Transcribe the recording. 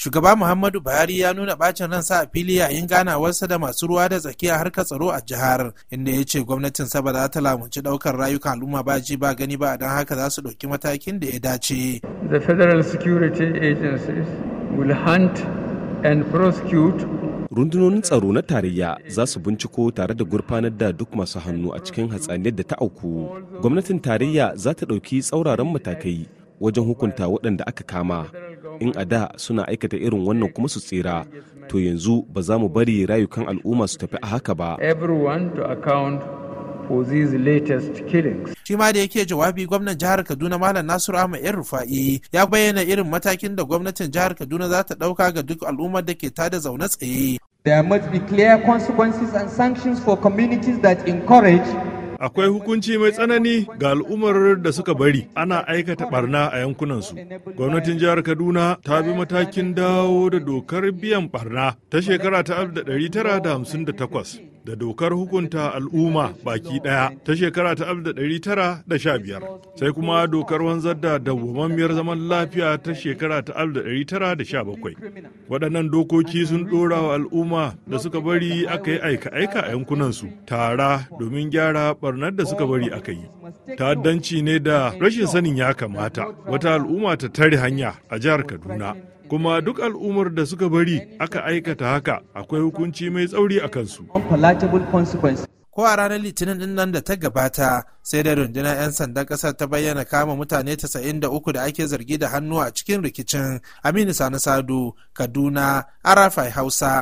shugaba muhammadu buhari ya nuna bacin ransa a fili yayin ganawarsa da masu ruwa da tsakiya harkar tsaro a jihar inda ya ce gwamnatin sa ba za ta lamunci daukar rayukan al'umma ba ji ba gani ba don haka za su ɗauki matakin da ya dace the federal security agencies will hunt and prosecute rundunonin tsaro na tarayya za su binciko tare da gurfanar da duk masu hannu a cikin hatsaniyar da ta auku gwamnatin tarayya za ta ɗauki tsauraran matakai wajen hukunta waɗanda aka kama in a da suna aikata irin wannan kuma su tsira to yanzu ba za mu bari rayukan al'umma su tafi a haka ba shima latest da yake jawabi gwamnan jihar Kaduna Malam Nasiru Ahmad ‘yan Rufa'i ya bayyana irin matakin da gwamnatin jihar Kaduna za ta ɗauka ga duk al'ummar da ke tada zaune tsaye. There must be clear consequences and sanctions for communities that encourage Akwai hukunci mai tsanani ga al'ummar da suka bari ana aikata barna a yankunansu. Gwamnatin jihar Kaduna ta bi matakin dawo da dokar biyan barna ta shekara ta 1958 da dokar hukunta al'umma baki ɗaya ta shekara ta 1915 sai kuma dokar wanzar da dawwammamiyar zaman lafiya ta shekara ta 1917 waɗannan dokoki sun ɗora wa al'umma da suka bari aka yi aika-aika a yankunansu tara domin gyara barnar da suka bari aka yi ta'addanci ne da rashin sanin ya kamata wata al'umma ta tare hanya a jihar kaduna kuma duk al'ummar da suka bari aka aikata haka akwai hukunci mai tsauri a kansu. Ko a ranar Litinin din nan da ta gabata sai da rundunar 'yan sandan kasar ta bayyana kama mutane 93 da ake zargi da hannu a cikin rikicin Aminu Sani Sadu, Kaduna, Arafai Hausa.